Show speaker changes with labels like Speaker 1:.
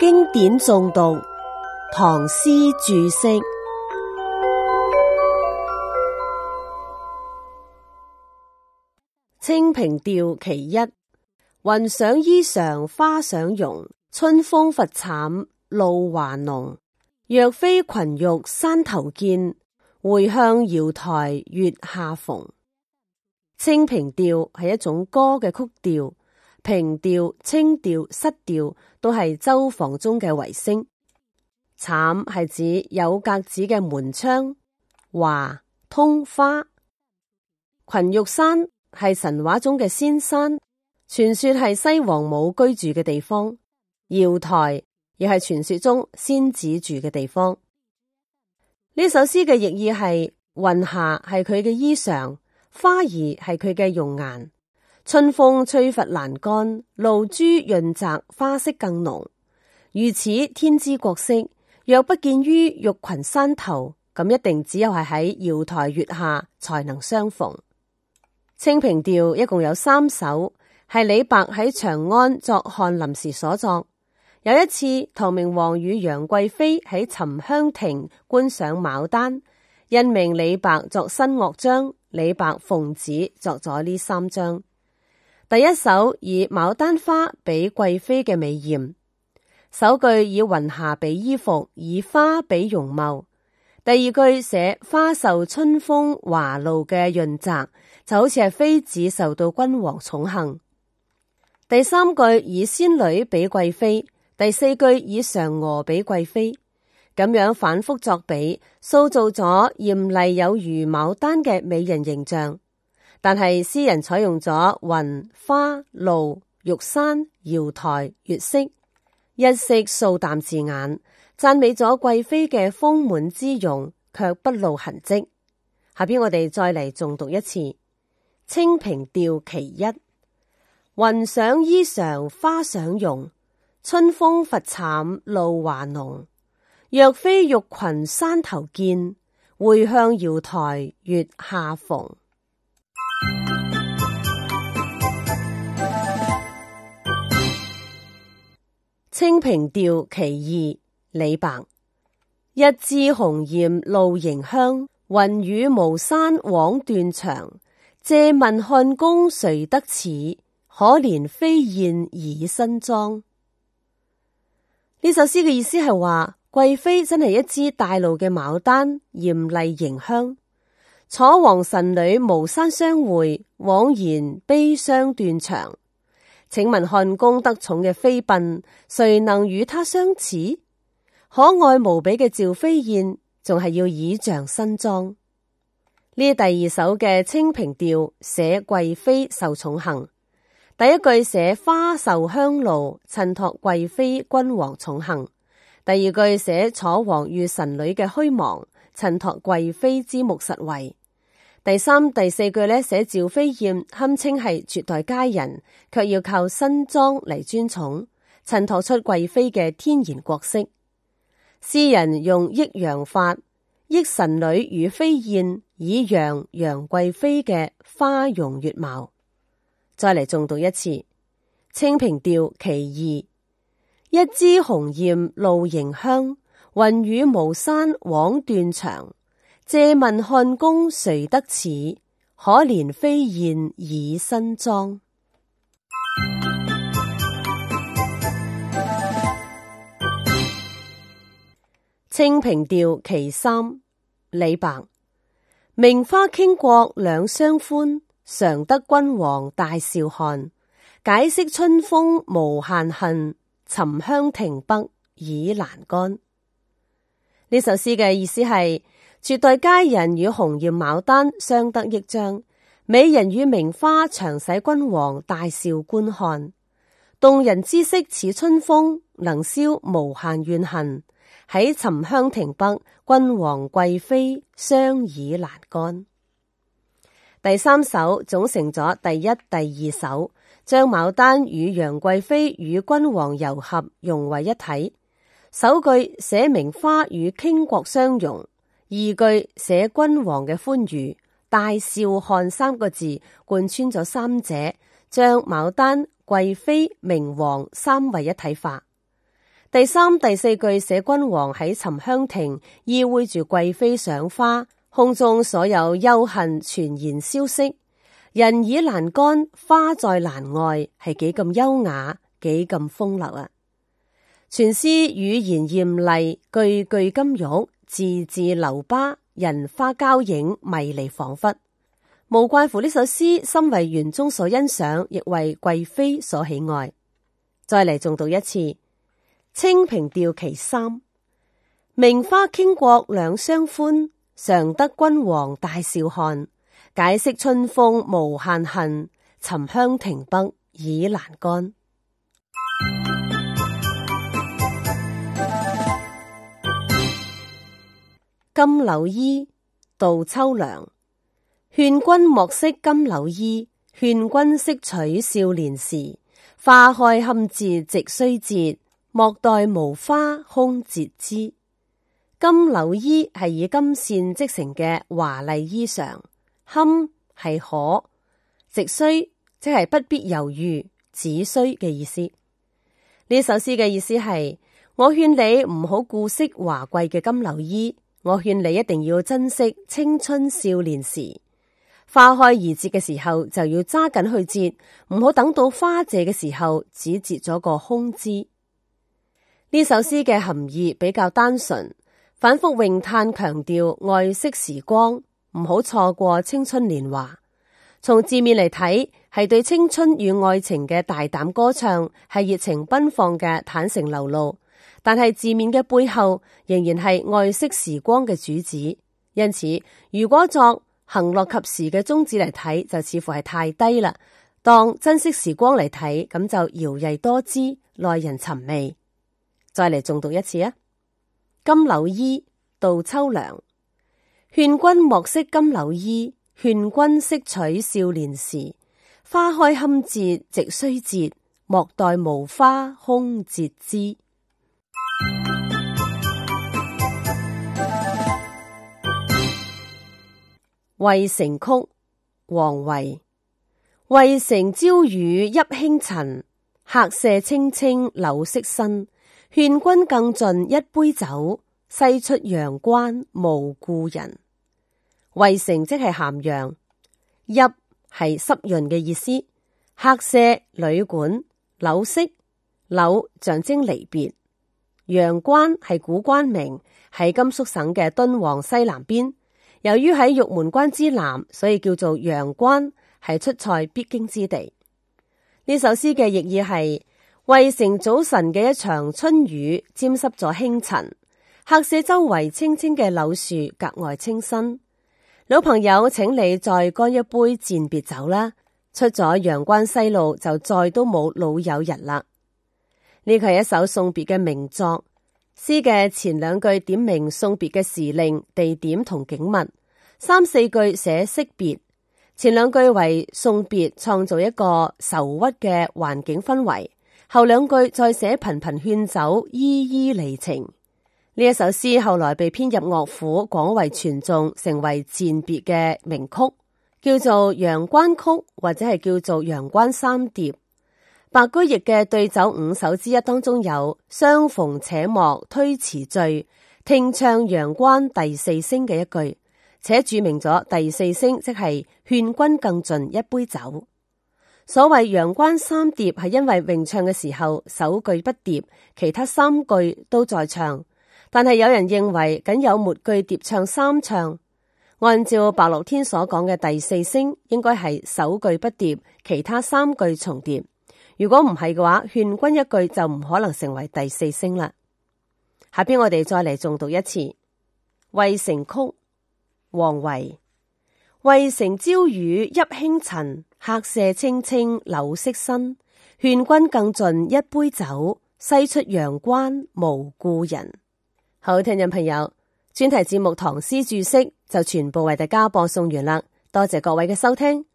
Speaker 1: 經典誦讀，唐詩注釋，《清平調其一》：雲想衣裳花想容，春風拂檻露華濃。若非群玉山頭見，會向瑤台月下逢。清平調係一種歌嘅曲調。平調、清調、失調都係周房中嘅遺聲。慘係指有格子嘅門窗。華通花，群玉山係神話中嘅仙山，傳說係西王母居住嘅地方。瑤台亦係傳說中仙子住嘅地方。呢首詩嘅譯意係雲霞係佢嘅衣裳，花兒係佢嘅容顏。春風吹拂欄杆，露珠潤澤，花色更濃。如此天姿國色，若不見於玉群山頭，咁一定只有係喺瑤台月下才能相逢。《清平調》一共有三首，係李白喺長安作翰林時所作。有一次，唐明皇與楊貴妃喺沉香亭觀賞牡丹，因命李白作新樂章，李白奉旨作咗呢三章。第一首以牡丹花比貴妃嘅美艷，首句以雲霞比衣服，以花比容貌。第二句寫花受春風華露嘅潤澤，就好似係妃子受到君王寵幸。第三句以仙女比貴妃，第四句以嫦娥比貴妃，咁樣反覆作比，塑造咗艷麗有如牡丹嘅美人形象。但係詩人採用咗雲、花、露、玉山、瑤台、月色，一色素淡字眼，讚美咗貴妃嘅豐滿姿容，却不露痕迹。下邊我哋再嚟重讀一次《清平調》其一：雲想衣裳花想容，春風拂檻露華濃。若非玉群山頭見，會向瑤台月下逢。《清平調·其二》李白：一枝紅艷露凝香，雲雨巫山枉斷腸。借問漢宮誰得似？可憐飛燕倚新妝。呢首詩嘅意思係話，貴妃真係一支大露嘅牡丹，艷麗凝香。楚王神女巫山相會，枉然悲傷斷腸。請問漢宮得寵嘅妃嬪，誰能與她相似？可愛無比嘅趙飛燕，仲係要倚仗新裝。呢第二首嘅清平調寫貴妃受寵幸，第一句寫花受香露，襯托貴妃君王寵幸；第二句寫楚王與神女嘅虛妄，襯托貴妃之目實為。第三、第四句呢，寫趙飛燕堪稱係絕代佳人，卻要靠新裝嚟尊崇，襯托出貴妃嘅天然國色。詩人用抑揚法，抑神女與飛燕，以揚楊貴妃嘅花容月貌。再嚟重讀一次《清平調其二》，一枝紅艷露凝香，雲雨巫山枉斷腸。借問漢宮誰得似？可憐飛燕倚新妝。清平調其三，李白。名花傾國兩相歡，常得君王帶笑看。解釋春風無限恨，沉香亭北倚闌干。呢首詩嘅意思係。絕代佳人與紅葉牡丹相得益彰，美人與名花常使君王大笑觀看。動人之色似春風，能消無限怨恨。喺沉香亭北，君王貴妃相倚欄杆。第三首總成咗第一、第二首，將牡丹與楊貴妃與君王游合融為一體。首句寫名花與傾國相容。二句寫君王嘅歡愉，帶笑看三個字貫穿咗三者，將牡丹、貴妃、明皇，三位一體化。第三、第四句寫君王喺沉香亭意會住貴妃賞花，空中所有幽恨全然消息，人倚欄杆，花在欄外，係幾咁優雅，幾咁風流啊！全詩語言艷麗，句句金玉。字字留疤，人花交影，迷離恍惚。無怪乎呢首詩深為玄宗所欣賞，亦為貴妃所喜愛。再嚟重讀一次《清平調》其三：名花傾國兩相歡，常得君王帶笑看。解釋春風無限恨，沉香亭北倚闌干。金縷衣，杜秋娘。勸君莫惜金縷衣，勸君惜取少年時。花開堪折直須折，莫待無花空折枝。金縷衣係以金線織成嘅華麗衣裳，堪係可，直須即係不必猶豫，只需嘅意思。呢首詩嘅意思係我勸你唔好顧惜華貴嘅金縷衣。我勸你一定要珍惜青春少年時，花開而折嘅時候就要揸緊去折，唔好等到花謝嘅時候，只折咗個空枝。呢首詩嘅含義比較單純，反覆詠嘆強調愛惜時光，唔好錯過青春年華。從字面嚟睇，係對青春與愛情嘅大膽歌唱，係熱情奔放嘅坦誠流露。但係字面嘅背後，仍然係愛惜時光嘅主旨。因此，如果作行樂及時嘅宗旨嚟睇，就似乎係太低啦。當珍惜時光嚟睇，咁就搖曳多姿，耐人尋味。再嚟重讀一次啊！金縷衣，杜秋涼，勸君莫惜金縷衣，勸君惜取少年時。花開堪折直須折，莫待無花空折枝。渭城曲，王維。渭城朝雨浥輕塵，客舍青青柳色新。勸君更盡一杯酒，西出陽關無故人。渭城即係咸陽，浥係濕潤嘅意思。客舍旅館，柳色柳象徵離別。陽關係古關名，喺甘肅省嘅敦煌西南邊。由於喺玉門關之南，所以叫做陽關，係出塞必經之地。呢首詩嘅譯意係渭城早晨嘅一場春雨沾濕咗輕塵，客舍周圍青青嘅柳樹格外清新。老朋友，請你再乾一杯餞別酒啦！出咗陽關西路，就再都冇老友人啦。呢個係一首送別嘅名作，詩嘅前兩句點明送別嘅時令、地點同景物。三四句寫惜別，前兩句為送別創造一個愁屈嘅環境氛圍，後兩句再寫頻頻勸酒，依依離情。呢一首詩後來被編入樂府，廣為傳頌，成為餞別嘅名曲，叫做《陽關曲》或者係叫做《陽關三疊》。白居易嘅對酒五首之一當中有相逢且莫推辭醉，聽唱陽關第四聲嘅一句。且注明咗第四聲，即係勸君更盡一杯酒。所謂陽關三疊，係因為詠唱嘅時候首句不疊，其他三句都在唱。但係有人認為僅有末句疊唱三唱。按照白樂天所講嘅第四聲，應該係首句不疊，其他三句重疊。如果唔係嘅話，勸君一句就唔可能成為第四聲啦。下邊我哋再嚟重讀一次《渭城曲》。王維，渭城朝雨浥輕塵，客舍青青柳色新。勸君更盡一杯酒，西出陽關無故人。好，聽眾朋友，專題節目《唐詩注釋》就全部為大家播送完啦，多謝各位嘅收聽。